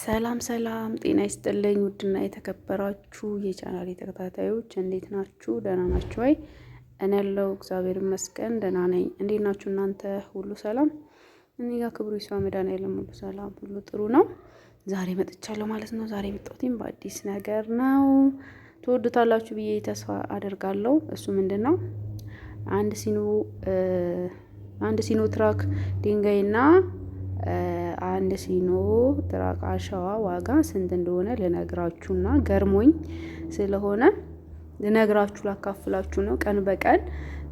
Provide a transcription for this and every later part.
ሰላም ሰላም፣ ጤና ይስጥልኝ ውድና የተከበራችሁ የቻናል ተከታታዮች እንዴት ናችሁ? ደህና ናችሁ ወይ? እኔ ያለው እግዚአብሔር ይመስገን ደህና ነኝ። እንዴት ናችሁ እናንተ? ሁሉ ሰላም እኔ ጋር ክብሩ ይስፋ መድኃኒዓለም ሁሉ ሰላም፣ ሁሉ ጥሩ ነው። ዛሬ መጥቻለሁ ማለት ነው። ዛሬ የመጣሁትም በአዲስ ነገር ነው። ትወዱታላችሁ ብዬ ተስፋ አደርጋለሁ። እሱ ምንድን ነው? አንድ ሲኖ አንድ ሲኖ ትራክ ድንጋይና አንድ ሲኖ ጥራቅ አሸዋ ዋጋ ስንት እንደሆነ ልነግራችሁና ገርሞኝ ስለሆነ ልነግራችሁ ላካፍላችሁ ነው። ቀን በቀን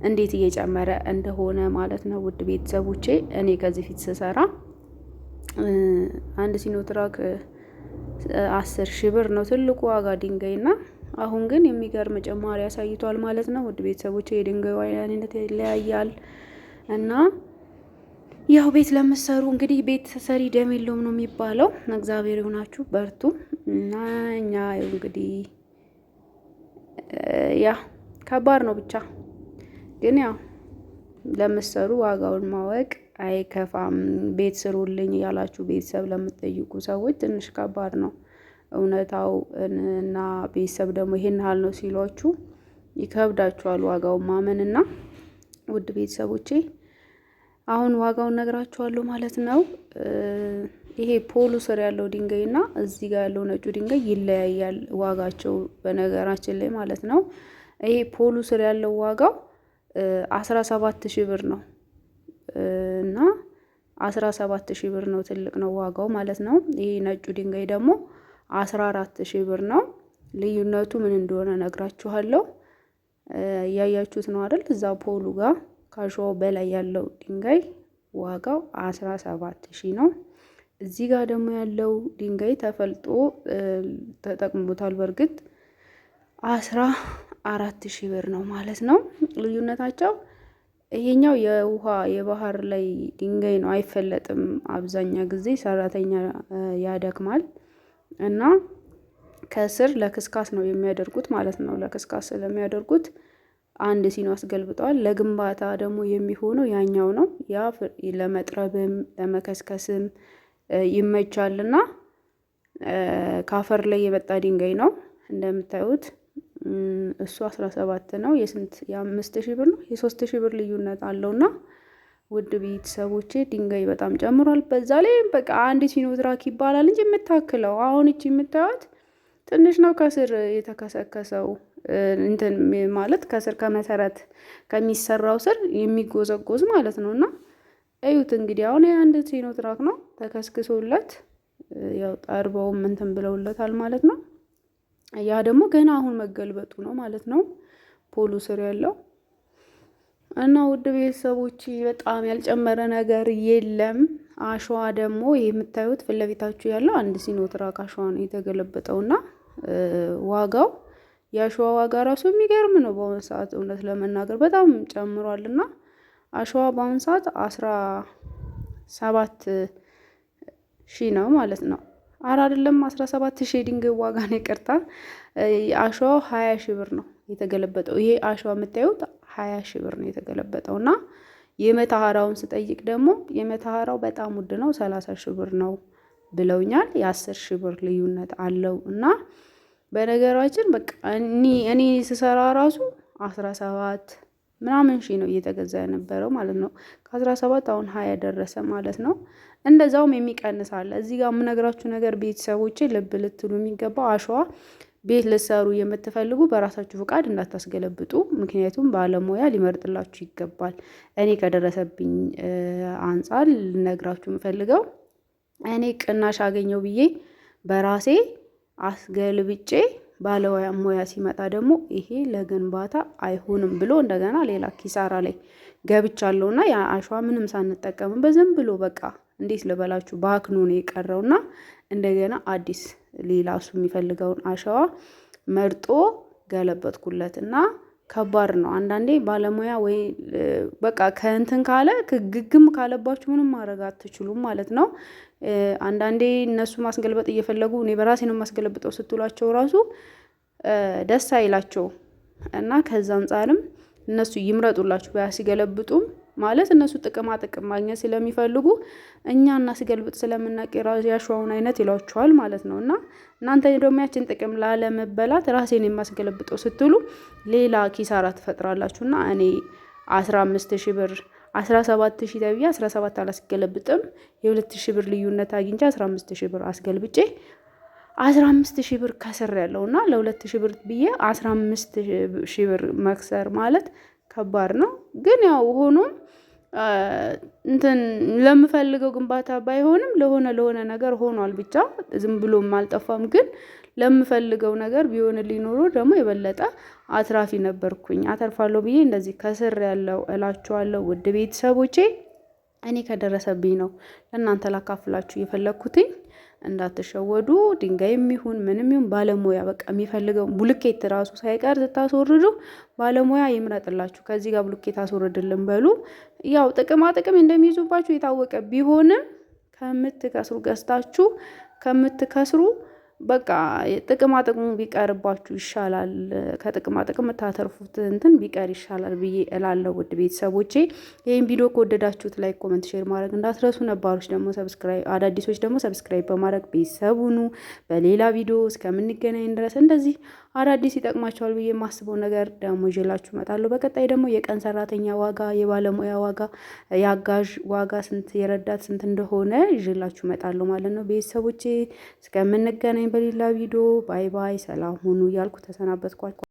እንዴት እየጨመረ እንደሆነ ማለት ነው። ውድ ቤተሰቦቼ እኔ ከዚህ ፊት ስሰራ አንድ ሲኖ ትራክ አስር ሺህ ብር ነው ትልቁ ዋጋ ድንጋይ ና አሁን ግን የሚገርም ጭማሪ ያሳይቷል ማለት ነው። ውድ ቤተሰቦቼ የድንጋዩ አይነት ይለያያል እና ያው ቤት ለምትሰሩ እንግዲህ ቤት ሰሪ ደም የለውም ነው የሚባለው። እግዚአብሔር የሆናችሁ በርቱ እና እኛ እንግዲህ ያ ከባድ ነው ብቻ ግን ያው ለምትሰሩ ዋጋውን ማወቅ አይከፋም። ቤት ስሩልኝ ያላችሁ ቤተሰብ ለምትጠይቁ ሰዎች ትንሽ ከባድ ነው እውነታው እና ቤተሰብ ደግሞ ይሄን ያህል ነው ሲሏችሁ ይከብዳችኋል ዋጋውን ማመንና ውድ ቤተሰቦቼ አሁን ዋጋውን ነግራችኋለሁ ማለት ነው። ይሄ ፖሉ ስር ያለው ድንጋይ እና እዚህ ጋር ያለው ነጩ ድንጋይ ይለያያል ዋጋቸው በነገራችን ላይ ማለት ነው። ይሄ ፖሉ ስር ያለው ዋጋው አስራ ሰባት ሺህ ብር ነው እና አስራ ሰባት ሺህ ብር ነው። ትልቅ ነው ዋጋው ማለት ነው። ይሄ ነጩ ድንጋይ ደግሞ አስራ አራት ሺህ ብር ነው። ልዩነቱ ምን እንደሆነ ነግራችኋለሁ። እያያችሁት ነው አይደል? እዛ ፖሉ ጋር ከአሸዋው በላይ ያለው ድንጋይ ዋጋው 17 ሺህ ነው። እዚህ ጋር ደግሞ ያለው ድንጋይ ተፈልጦ ተጠቅሞታል። በእርግጥ አስራ አራት ሺህ ብር ነው ማለት ነው ልዩነታቸው። ይሄኛው የውሃ የባህር ላይ ድንጋይ ነው፣ አይፈለጥም። አብዛኛ ጊዜ ሰራተኛ ያደክማል እና ከስር ለክስካስ ነው የሚያደርጉት ማለት ነው። ለክስካስ ስለሚያደርጉት አንድ ሲኖ አስገልብጠዋል። ለግንባታ ደግሞ የሚሆነው ያኛው ነው። ያ ለመጥረብም ለመከስከስም ይመቻልና ከአፈር ላይ የመጣ ድንጋይ ነው እንደምታዩት እሱ 17 ነው። የስንት የአምስት ሺህ ብር ነው የሶስት ሺህ ብር ልዩነት አለው እና ውድ ቤተሰቦቼ ድንጋይ በጣም ጨምሯል። በዛ ላይ በቃ አንድ ሲኖትራክ ይባላል እንጂ የምታክለው አሁን እቺ የምታዩት ትንሽ ነው ከስር የተከሰከሰው እንትን ማለት ከስር ከመሰረት ከሚሰራው ስር የሚጎዘጎዝ ማለት ነው። እና እዩት እንግዲህ አሁን የአንድ ሲኖትራክ ነው ተከስክሶለት ያው ጠርበውም እንትን ብለውለታል ማለት ነው። ያ ደግሞ ገና አሁን መገልበጡ ነው ማለት ነው ፖሉ ስር ያለው እና ውድ ቤተሰቦች በጣም ያልጨመረ ነገር የለም። አሸዋ ደግሞ የምታዩት ፊት ለፊታችሁ ያለው አንድ ሲኖትራክ አሸዋ ነው የተገለበጠው ና ዋጋው የአሸዋ ዋጋ ራሱ የሚገርም ነው። በአሁኑ ሰዓት እውነት ለመናገር በጣም ጨምሯል እና አሸዋ በአሁኑ ሰዓት አስራ ሰባት ሺህ ነው ማለት ነው። አረ አይደለም አስራ ሰባት ሺህ የድንጋይ ዋጋ ነው። ይቅርታ አሸዋው ሀያ ሺህ ብር ነው የተገለበጠው። ይሄ አሸዋ የምታዩት ሀያ ሺህ ብር ነው የተገለበጠው እና የመተሃራውን ስጠይቅ ደግሞ የመተሃራው በጣም ውድ ነው፣ ሰላሳ ሺህ ብር ነው ብለውኛል። የአስር ሺህ ብር ልዩነት አለው እና በነገራችን በቃ እኔ ስሰራ ራሱ አስራ ሰባት ምናምን ሺ ነው እየተገዛ የነበረው ማለት ነው። ከአስራ ሰባት አሁን ሀያ ደረሰ ማለት ነው። እንደዛውም የሚቀንስ አለ። እዚህ ጋር የምነግራችሁ ነገር ቤተሰቦች ልብ ልትሉ የሚገባው አሸዋ ቤት ልትሰሩ የምትፈልጉ በራሳችሁ ፍቃድ እንዳታስገለብጡ። ምክንያቱም ባለሙያ ሊመርጥላችሁ ይገባል። እኔ ከደረሰብኝ አንጻር ልነግራችሁ የምፈልገው እኔ ቅናሽ አገኘው ብዬ በራሴ አስገልብጬ ባለሙያ ሲመጣ ደግሞ ይሄ ለግንባታ አይሆንም ብሎ እንደገና ሌላ ኪሳራ ላይ ገብቻለሁና ያ አሸዋ ምንም ሳንጠቀምበት ዝም ብሎ በቃ እንዴት ልበላችሁ በአክኖ ነው የቀረውና እንደገና አዲስ ሌላ እሱ የሚፈልገውን አሸዋ መርጦ ገለበጥኩለትና ከባድ ነው። አንዳንዴ ባለሙያ ወይ በቃ ከእንትን ካለ ግግም ካለባችሁ ምንም ማድረግ አትችሉም ማለት ነው። አንዳንዴ እነሱ ማስገልበጥ እየፈለጉ እኔ በራሴ ነው የማስገለብጠው ስትሏቸው ራሱ ደስ አይላቸው እና ከዛ አንጻርም እነሱ ይምረጡላችሁ ባያስገለብጡም ማለት እነሱ ጥቅማ ጥቅም ማግኘት ስለሚፈልጉ እኛ እናስገልብጥ ስለምናቅ ያሸዋውን አይነት ይሏቸዋል ማለት ነው። እና እናንተ ደግሞ ያችን ጥቅም ላለመበላት ራሴን የማስገለብጠው ስትሉ ሌላ ኪሳራ ትፈጥራላችሁ። እና እኔ አስራ አምስት ሺ ብር አስራ ሰባት ሺ ተብዬ አስራ ሰባት አላስገለብጥም። የሁለት ሺ ብር ልዩነት አግኝቼ አስራ አምስት ሺ ብር አስገልብጬ አስራ አምስት ሺ ብር ከስር ያለው እና ለሁለት ሺ ብር ብዬ አስራ አምስት ሺ ብር መክሰር ማለት ከባድ ነው። ግን ያው ሆኖም እንትን ለምፈልገው ግንባታ ባይሆንም ለሆነ ለሆነ ነገር ሆኗል። ብቻ ዝም ብሎም አልጠፋም። ግን ለምፈልገው ነገር ቢሆን ሊኖሮ ደግሞ የበለጠ አትራፊ ነበርኩኝ። አተርፋለሁ ብዬ እንደዚህ ከስር ያለው እላችኋለሁ። ውድ ቤተሰቦቼ እኔ ከደረሰብኝ ነው ለእናንተ ላካፍላችሁ የፈለግኩትኝ። እንዳትሸወዱ። ድንጋይም ይሁን ምንም ይሁን ባለሙያ በቃ የሚፈልገው ቡልኬት ራሱ ሳይቀር ስታስወርዱ ባለሙያ ይምረጥላችሁ። ከዚህ ጋር ቡልኬት አስወርድልን በሉ። ያው ጥቅማ ጥቅም እንደሚይዙባችሁ የታወቀ ቢሆንም ከምትከስሩ ገዝታችሁ ከምትከስሩ በቃ ጥቅማ ጥቅሙ ቢቀርባችሁ ይሻላል። ከጥቅማ ጥቅም የምታተርፉት እንትን ቢቀር ይሻላል ብዬ እላለሁ። ውድ ቤተሰቦቼ ይህን ቪዲዮ ከወደዳችሁት ላይ ኮመንት፣ ሼር ማድረግ እንዳትረሱ። ነባሮች ደግሞ ሰብስክራይብ፣ አዳዲሶች ደግሞ ሰብስክራይብ በማድረግ ቤተሰቡኑ በሌላ ቪዲዮ እስከምንገናኝ ድረስ እንደዚህ አዳዲስ ይጠቅማቸዋል ብዬ የማስበው ነገር ደግሞ ይዤላችሁ እመጣለሁ። በቀጣይ ደግሞ የቀን ሰራተኛ ዋጋ፣ የባለሙያ ዋጋ፣ የአጋዥ ዋጋ ስንት የረዳት ስንት እንደሆነ ይዤላችሁ እመጣለሁ ማለት ነው። ቤተሰቦቼ እስከምንገናኝ በሌላ ቪዲዮ ባይ ባይ፣ ሰላም ሁኑ እያልኩ ተሰናበትኳል።